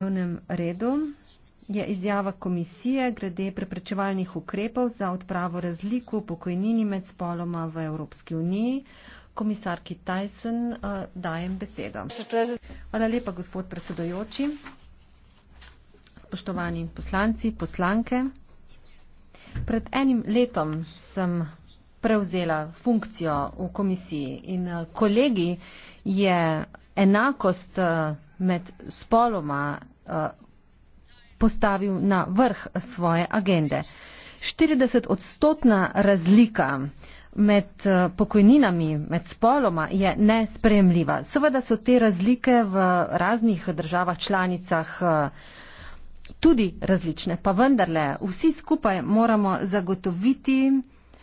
dnevnem redu je izjava komisije glede preprečevalnih ukrepov za odpravo razlik v pokojnini med spoloma v Evropski uniji. Komisarki Tyson uh, dajem besedo. Hvala lepa, gospod predsedojoči. Spoštovani poslanci, poslanke. Pred enim letom sem prevzela funkcijo v komisiji in eh, kolegi je enakost uh, med spoloma eh, postavil na vrh svoje agende. 40 odstotna razlika med eh, pokojninami, med spoloma je nespremljiva. Seveda so te razlike v raznih državah članicah eh, tudi različne, pa vendarle vsi skupaj moramo zagotoviti,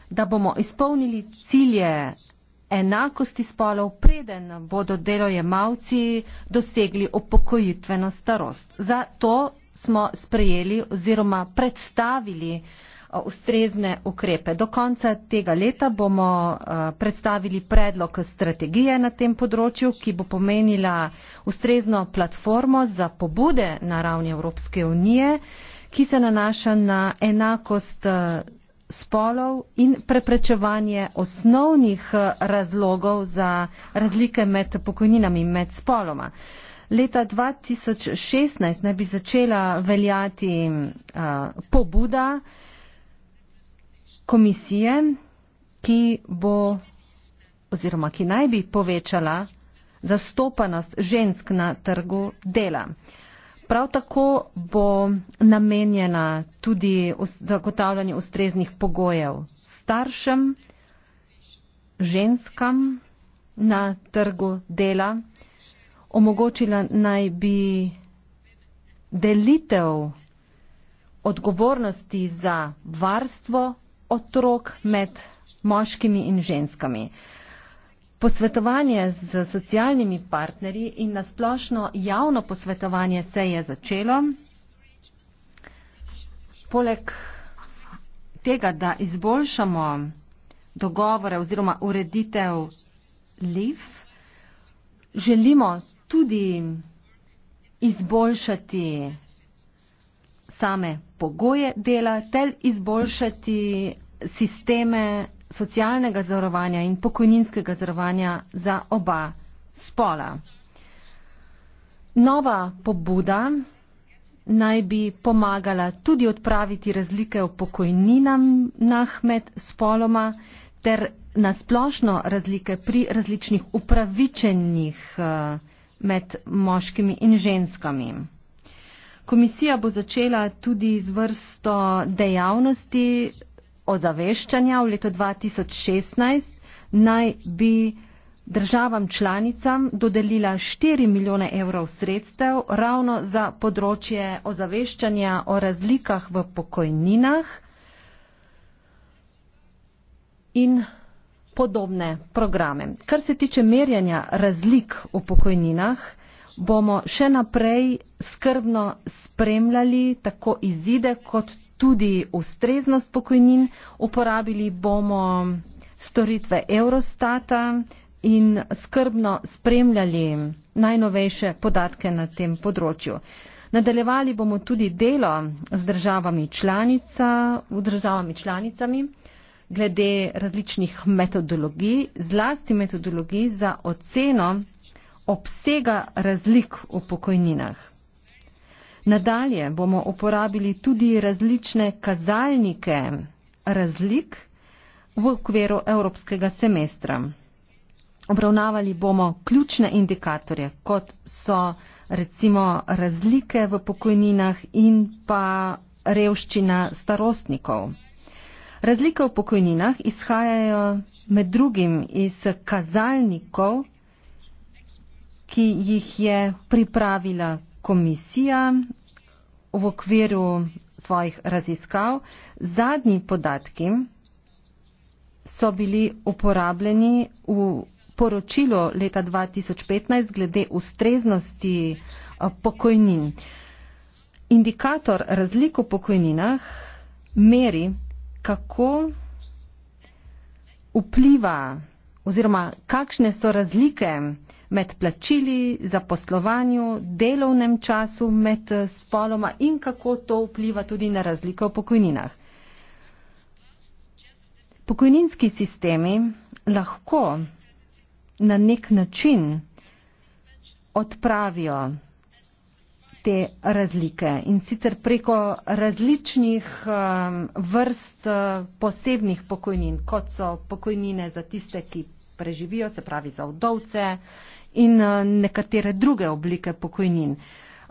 da bomo izpolnili cilje enakosti spolov, preden bodo delojemalci dosegli upokojitveno starost. Zato smo sprejeli oziroma predstavili eh, ustrezne ukrepe. Do konca tega leta bomo eh, predstavili predlog strategije na tem področju, ki bo pomenila ustrezno platformo za pobude na ravni Evropske unije, ki se nanaša na enakost eh, spolov in preprečevanje osnovnih eh, razlogov za razlike med pokojninami med spoloma. Leta 2016 naj bi začela veljati uh, pobuda komisije, ki bo oziroma ki naj bi povečala zastopanost žensk na trgu dela. Uh, Prav tako bo namenjena tudi zagotavljanje ustreznih pogojev staršem, ženskam na trgu dela. Omogočila naj bi delitev odgovornosti za varstvo otrok med moškimi in ženskami. Posvetovanje z socialnimi partnerji in nasplošno javno posvetovanje se je začelo. Poleg tega, da izboljšamo dogovore oziroma ureditev LIV, želimo tudi izboljšati same pogoje dela, tel izboljšati sisteme socialnega zavarovanja in pokojninskega zavarovanja za oba spola. Nova pobuda naj bi pomagala tudi odpraviti razlike v pokojninah med spoloma ter na splošno razlike pri različnih upravičenjih eh, med moškimi in ženskami. Komisija bo začela tudi z vrsto dejavnosti ozaveščanja v letu 2016 naj bi državam članicam dodelila 4 milijone evrov sredstev ravno za področje ozaveščanja o razlikah v pokojninah in podobne programe. Kar se tiče merjanja razlik v pokojninah, bomo še naprej skrbno spremljali tako izide kot tudi ustreznost pokojnin, uporabili bomo storitve Eurostata in skrbno spremljali najnovejše podatke na tem področju. Nadaljevali bomo tudi delo z državami, članica, državami članicami glede različnih metodologij, zlasti metodologij za oceno obsega razlik v pokojninah. Nadalje bomo uporabili tudi različne kazalnike razlik v okviru evropskega semestra. Obravnavali bomo ključne indikatorje, kot so recimo razlike v pokojninah in pa revščina starostnikov. Razlike v pokojninah izhajajo med drugim iz kazalnikov, ki jih je pripravila komisija v okviru svojih raziskav. Zadnji podatki so bili uporabljeni v poročilo leta 2015 glede ustreznosti eh, pokojnin. Indikator razlik v pokojninah meri, kako vpliva oziroma kakšne so razlike med plačili, zaposlovanju, delovnem času, med eh, spoloma in kako to vpliva tudi na razliko v pokojninah. Pokojninski sistemi lahko na nek način odpravijo te razlike in sicer preko različnih ehm, vrst eh, posebnih pokojnin, kot so pokojnine za tiste, ki preživijo, se pravi za vdovce, in eh, nekatere druge oblike pokojnin.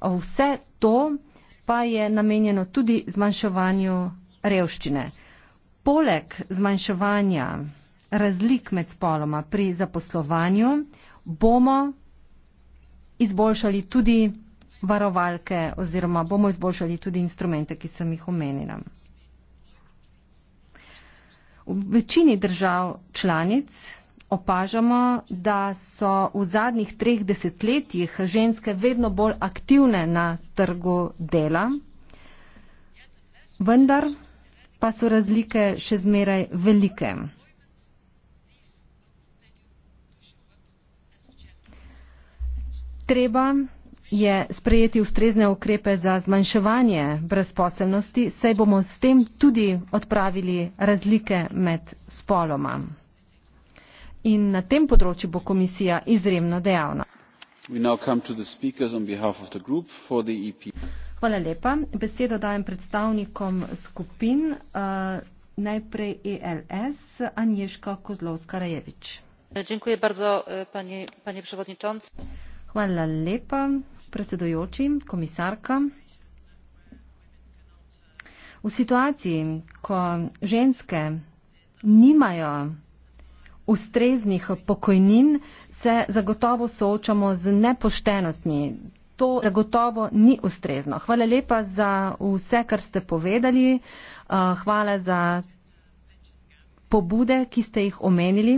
Vse to pa je namenjeno tudi zmanjševanju revščine. Poleg zmanjševanja razlik med spoloma pri zaposlovanju bomo izboljšali tudi varovalke oziroma bomo izboljšali tudi instrumente, ki sem jih omenila. V večini držav članic opažamo, da so v zadnjih treh desetletjih ženske vedno bolj aktivne na trgu dela, vendar pa so razlike še zmeraj velike. Treba je sprejeti ustrezne ukrepe za zmanjševanje brezposelnosti, saj bomo s tem tudi odpravili razlike med spoloma in na tem področju bo komisija izjemno dejavna. E Hvala lepa. Besedo dajem predstavnikom skupin. Uh, najprej ELS, Anješka Kozlovska-Rajevič. E, Hvala lepa, predsedojoči, komisarka. V situaciji, ko ženske nimajo ustreznih pokojnin, se zagotovo soočamo z nepoštenostmi. To zagotovo ni ustrezno. Hvala lepa za vse, kar ste povedali. Eh, hvala za pobude, ki ste jih omenili.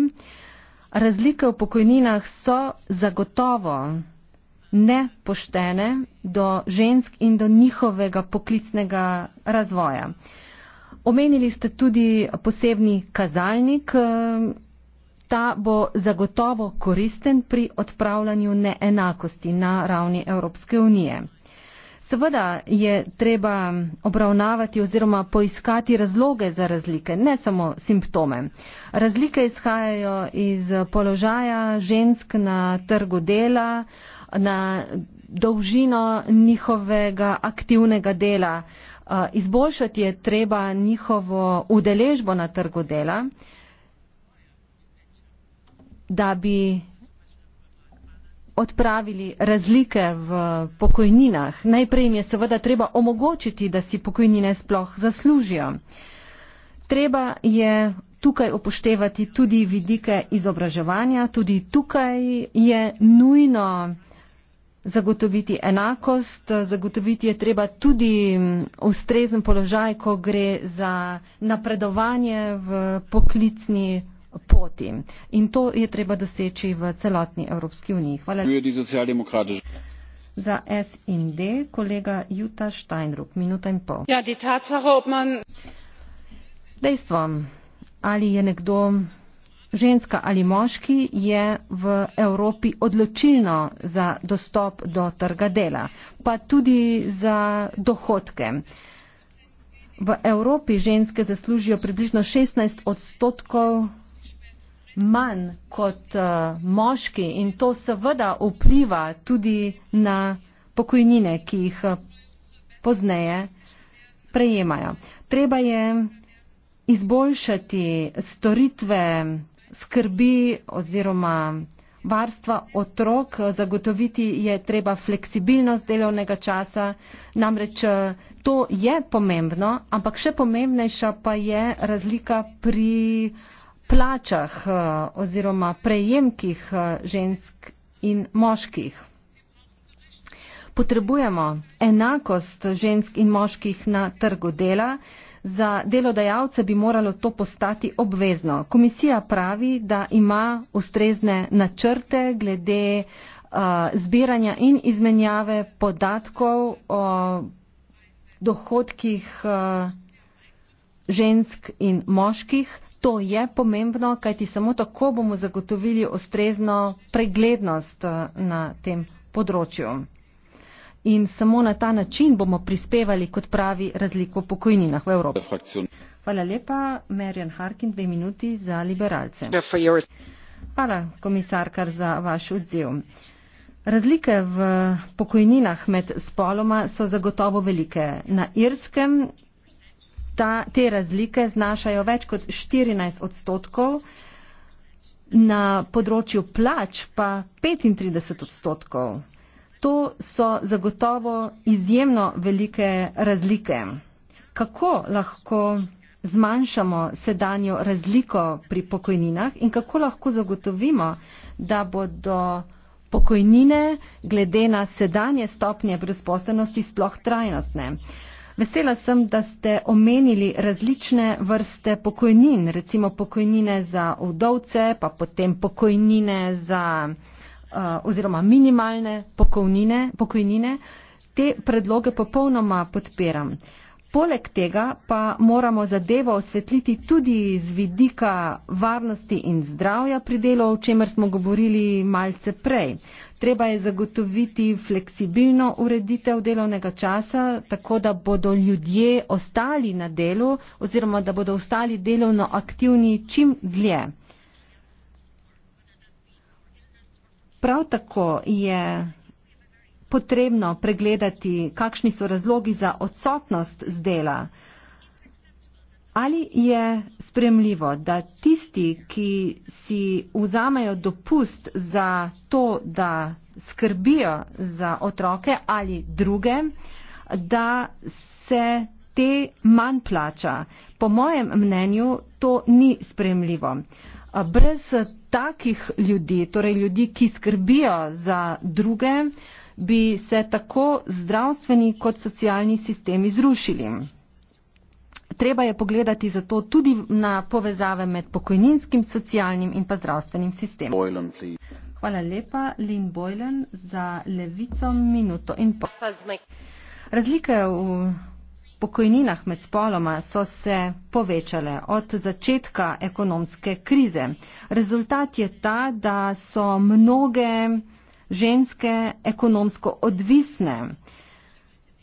Razlike v pokojninah so zagotovo nepoštene do žensk in do njihovega poklicnega razvoja. Omenili ste tudi posebni kazalnik eh, Ta bo zagotovo koristen pri odpravljanju neenakosti na ravni Evropske unije. Seveda je treba obravnavati oziroma poiskati razloge za razlike, ne samo simptome. Razlike izhajajo iz položaja žensk na trgu dela, na dolžino njihovega aktivnega dela. Izboljšati je treba njihovo udeležbo na trgu dela, da bi odpravili razlike v pokojninah. Najprej jim je seveda treba omogočiti, da si pokojnine sploh zaslužijo. Treba je tukaj upoštevati tudi vidike izobraževanja, tudi tukaj je nujno zagotoviti enakost, zagotoviti je treba tudi mm, ustrezen položaj, ko gre za napredovanje v poklicni poti. In to je treba doseči v celotni Evropski uniji. Hvala lepa. Za SND kolega Juta Steinruck, minuta in pol. Ja, tatsache, man... Dejstvo, ali je nekdo ženska ali moški, je v Evropi odločilno za dostop do trga dela, pa tudi za dohodke. V Evropi ženske zaslužijo približno 16 odstotkov manj kot uh, moški in to seveda vpliva tudi na pokojnine, ki jih eh, pozneje prejemajo. Treba je izboljšati storitve skrbi oziroma varstva otrok, zagotoviti je treba fleksibilnost delovnega časa, namreč eh, to je pomembno, ampak še pomembnejša pa je razlika pri uh, plačah eh, oziroma prejemkih eh, žensk in moških. Potrebujemo enakost žensk in moških na trgu dela. Za delodajalce bi moralo to postati obvezno. Komisija pravi, da ima ustrezne načrte glede uh, zbiranja in izmenjave podatkov o dohodkih uh, žensk in moških. To je pomembno, kajti samo tako bomo zagotovili ustrezno preglednost eh, na tem področju. In samo na ta način bomo prispevali, kot pravi, razliko pokojninah v Evropi. Hvala lepa, Marian Harkin, dve minuti za liberalce. Hvala, komisarkar, za vaš odziv. Razlike v pokojninah med spoloma so zagotovo velike. Na Irskem ta, te razlike znašajo več kot 14 odstotkov, na področju plač pa 35 odstotkov. To so zagotovo izjemno velike razlike. Kako lahko zmanjšamo sedanjo razliko pri pokojninah in kako lahko zagotovimo, da bodo pokojnine glede na sedanje stopnje brezposobnosti sploh trajnostne? Uh, Vesela sem, da ste omenili različne vrste pokojnin, recimo pokojnine za vdovce, pa potem pokojnine za eh, oziroma minimalne pokojnine. Te predloge popolnoma podpiram. Poleg tega pa moramo zadevo osvetliti tudi z vidika varnosti in zdravja pri delu, o čemer smo govorili malce prej. Treba je zagotoviti fleksibilno ureditev delovnega časa, tako da bodo ljudje ostali na delu oziroma da bodo ostali delovno aktivni čim dlje. Prav tako je potrebno pregledati, kakšni so razlogi za odsotnost z dela? Ali je spremljivo, da tisti, ki si vzamejo dopust za to, da skrbijo za otroke ali druge, da se te manj plača? Po mojem mnenju to ni spremljivo. Brez takih ljudi, torej ljudi, ki skrbijo za druge, bi se tako zdravstveni kot socialni sistem izrušili. Treba je pogledati zato tudi na povezave med pokojninskim, socialnim in pa zdravstvenim sistemom. Boylan, Hvala lepa, Lynn Boylan, za levico minuto in pol. Razlike v pokojninah med spoloma so se povečale od začetka ekonomske krize. Rezultat je ta, da so mnoge ženske ekonomsko odvisne.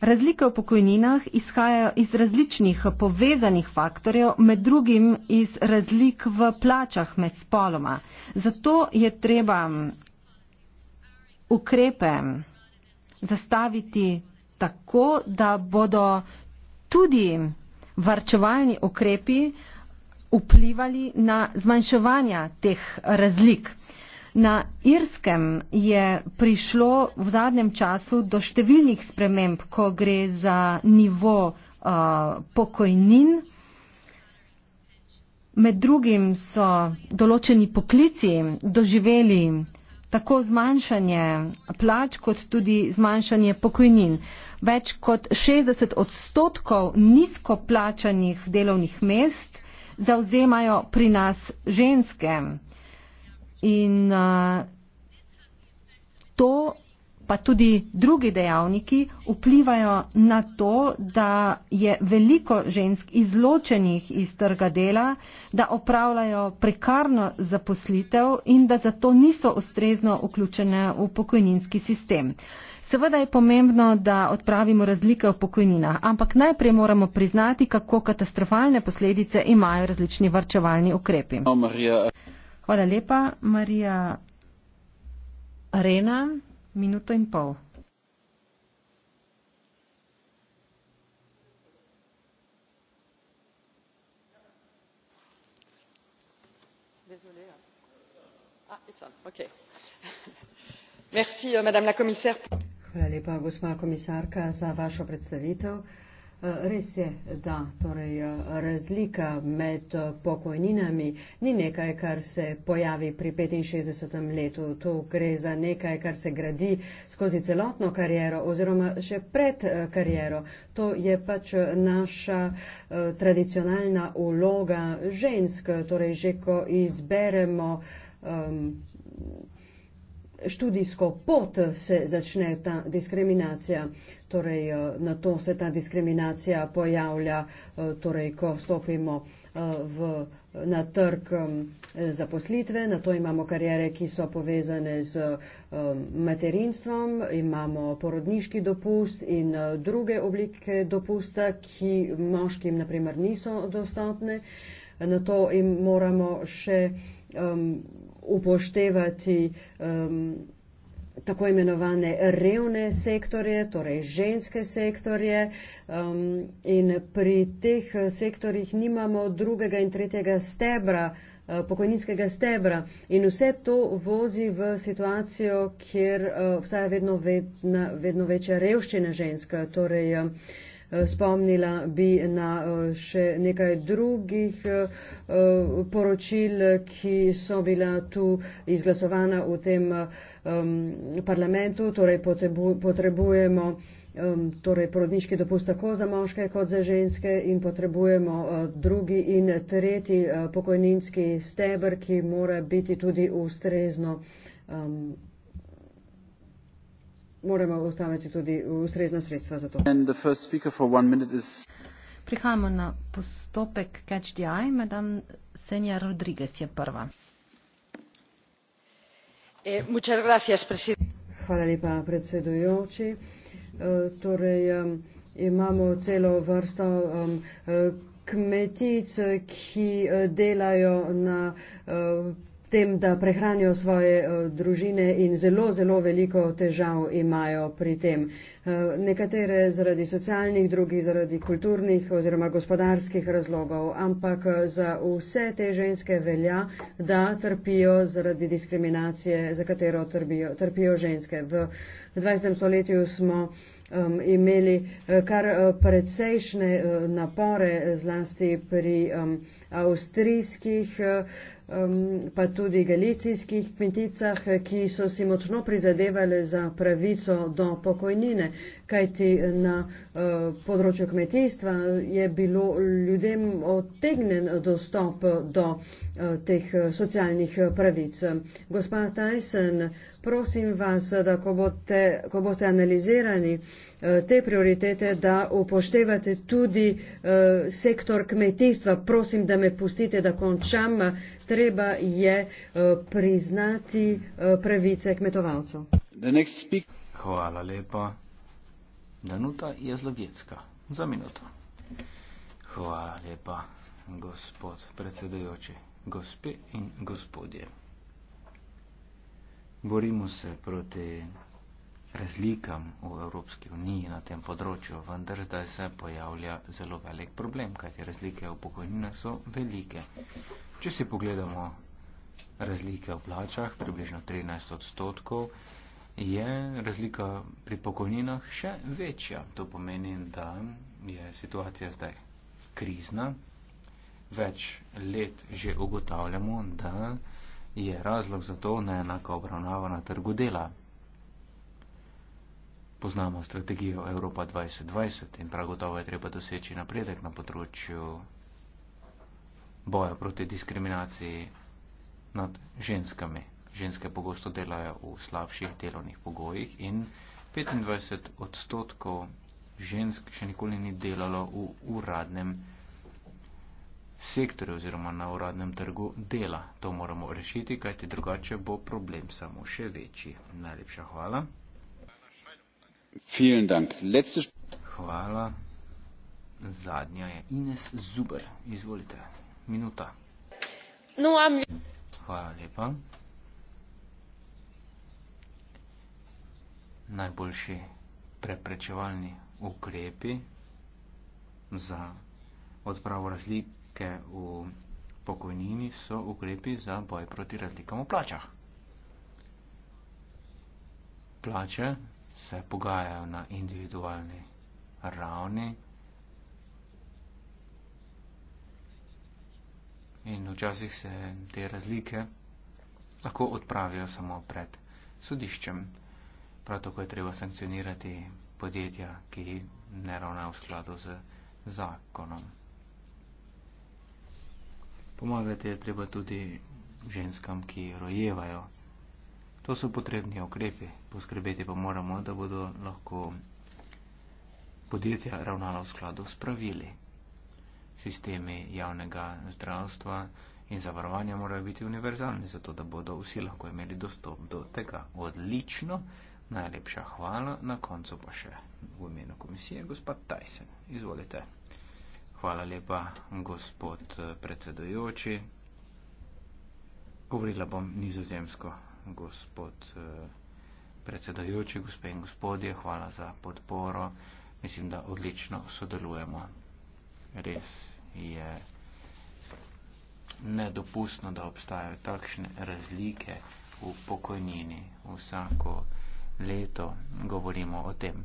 Razlike v pokojninah izhajajo iz različnih povezanih faktorjev, med drugim iz razlik v plačah med spoloma. Zato je treba mm, ukrepe zastaviti tako, da bodo tudi varčevalni ukrepi vplivali na zmanjševanje teh razlik. Na Irskem je prišlo v zadnjem času do številnih sprememb, ko gre za nivo uh, pokojnin. Med drugim so določeni poklici doživeli tako zmanjšanje plač kot tudi zmanjšanje pokojnin. Več kot 60 odstotkov nizko plačanih delovnih mest zauzemajo pri nas ženske. In uh, to pa tudi drugi dejavniki vplivajo na to, da je veliko žensk izločenih iz trga dela, da opravljajo prekarno zaposlitev in da zato niso ustrezno vključene v pokojninski sistem. Seveda je pomembno, da odpravimo razlike v pokojninah, ampak najprej moramo priznati, kako katastrofalne posledice imajo različni varčevalni ukrepi. No, Hvala lepa, Marija Arena, minuto in pol. Hvala lepa, gospa komisarka, za vašo predstavitev. Res je, da torej, razlika med pokojninami ni nekaj, kar se pojavi pri 65. letu. To gre za nekaj, kar se gradi skozi celotno kariero oziroma še pred eh, kariero. To je pač naša eh, tradicionalna uloga žensk, torej že ko izberemo. Um, študijsko pot se začne ta diskriminacija. Torej, eh, na to se ta diskriminacija pojavlja, eh, torej, ko stopimo eh, v, na trg mm, zaposlitve, na to imamo karijere, ki so povezane z materinstvom, imamo porodniški dopust in druge oblike dopusta, ki moškim naprimer niso dostopne. Na to moramo še um, upoštevati um, tako imenovane revne sektorje, torej ženske sektorje um, in pri teh eh, sektorjih nimamo drugega in tretjega stebra, eh, pokojninskega stebra in vse to vozi v situacijo, kjer uh, obstaja vedno, vedna, vedno večja revščina ženska. Torej, uh, Eh, spomnila bi na eh, še nekaj drugih eh, poročil, ki so bila tu izglasovana v tem parlamentu, torej potrebujemo torej porodniški dopust tako za moške kot za ženske in potrebujemo drugi in tretji pokojninski steber, ki mora biti tudi ustrezno moramo ustavljati tudi ustrezna sredstva za to. Prihajamo na postopek Catch the Eye. Madam Senja Rodriguez je prva. Eh, Hvala lepa, predsedujoči. Eh, torej, imamo celo vrsto eh, kmetic, ki delajo na tem, da prehranijo svoje eh, družine in zelo, zelo veliko težav imajo pri tem. Eh, nekatere zaradi socialnih, drugi zaradi kulturnih oziroma gospodarskih razlogov, ampak eh, za vse te ženske velja, da trpijo zaradi diskriminacije, za katero trpijo, trpijo ženske. V 20. stoletju smo um, imeli eh, kar eh, precejšnje eh, napore, zlasti pri um, avstrijskih, um, pa tudi galicijskih kmeticah, ki so si močno prizadevali za pravico do pokojnine, kajti na uh, področju kmetijstva je bilo ljudem otegnen dostop do uh, teh socialnih pravic. Gospa Tyson, prosim vas, da ko boste, ko boste analizirali eh, te prioritete, da upoštevate tudi eh, sektor kmetijstva. Prosim, da me pustite, da končam. Treba je eh, priznati pravice kmetovalcev. Hvala lepa. Danuta je zlogetska. Za minuto. Hvala lepa, gospod predsedujoči, gospe in gospodje borimo se proti razlikam v Evropski uniji na tem področju, vendar zdaj se pojavlja zelo velik problem, kajti razlike v pokojninah so velike. Če si pogledamo razlike v plačah, približno 13 odstotkov, je razlika pri pokojninah še večja. To pomeni, da je situacija zdaj krizna. Več let že ugotavljamo, da je razlog za to neenaka obravnava na trgu dela. Poznamo strategijo Evropa 2020 in pragotovo je treba doseči napredek na področju boja proti diskriminaciji nad ženskami. Ženske pogosto delajo v slabših delovnih pogojih in 25 odstotkov žensk še nikoli ni delalo v uradnem delu sektorju oziroma na uradnem trgu dela. To moramo rešiti, kajti drugače bo problem samo še večji. Najlepša hvala. Hvala. Zadnja je Ines Zuber. Izvolite. Minuta. No, hvala lepa. Najboljši preprečevalni ukrepi za odpravo razlik razlike v pokojnini so ukrepi za boj proti razlikam v plačah. Plače se pogajajo na individualni ravni in včasih se te razlike lahko odpravijo samo pred sodiščem. Prav tako je treba sankcionirati podjetja, ki ne ravnajo v skladu z zakonom. Pomagati je treba tudi ženskam, ki rojevajo. To so potrebni okrepi. Poskrbeti pa moramo, da bodo lahko podjetja ravnala v skladu s pravili. Sistemi javnega zdravstva in zavarovanja morajo biti univerzalni, zato da bodo vsi lahko imeli dostop do tega. Odlično, najlepša hvala, na koncu pa še v imenu komisije gospod Tyson. Izvolite. Hvala lepa, gospod eh, predsedujoči. Govorila bom nizozemsko, gospod eh, predsedujoči, gospe in gospodje, hvala za podporo. Mislim, da odlično sodelujemo. Res je nedopustno, da obstajajo takšne razlike v pokojnini. Vsako leto govorimo o tem.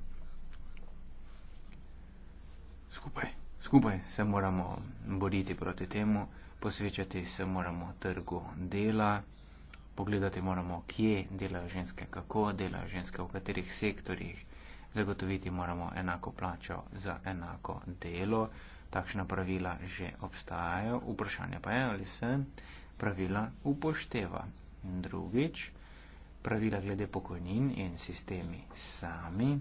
Skupaj. Skupaj se moramo boriti proti temu, posvečati se moramo trgu dela, pogledati moramo, kje delajo ženske, kako delajo ženske, v katerih sektorjih, zagotoviti moramo enako plačo za enako delo. Takšna pravila že obstajajo, vprašanje pa je, ali se pravila upošteva. Drugič, pravila glede pokojnin in sistemi sami.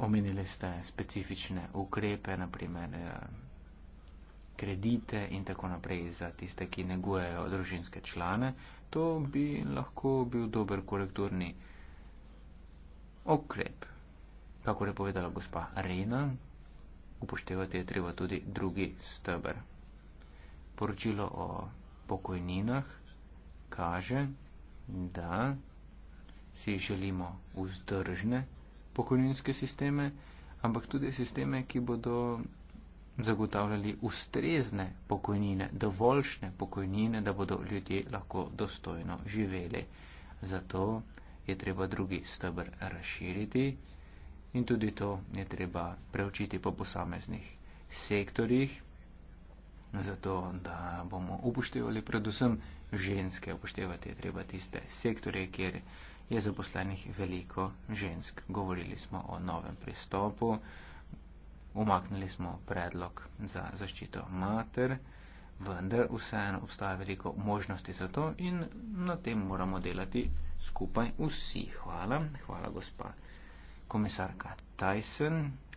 omenili ste specifične ukrepe, naprimer eh, kredite in tako naprej za tiste, ki negujejo družinske člane. To bi lahko bil dober korekturni ukrep. Kako je povedala gospa Reina, upoštevati je treba tudi drugi stebr. Poročilo o pokojninah kaže, da si želimo vzdržne pokojninske sisteme, ampak tudi sisteme, ki bodo zagotavljali ustrezne pokojnine, dovoljšne pokojnine, da bodo ljudje lahko dostojno živeli. Zato je treba drugi stebr razširiti in tudi to je treba preučiti po posameznih sektorjih, zato da bomo upoštevali predvsem ženske, upoštevati je treba tiste sektore, kjer je zaposlenih veliko žensk. Govorili smo o novem pristopu, umaknili smo predlog za zaščito mater, vendar vseeno obstaja veliko možnosti za to in na tem moramo delati skupaj vsi. Hvala, hvala gospa komisarka Tyson.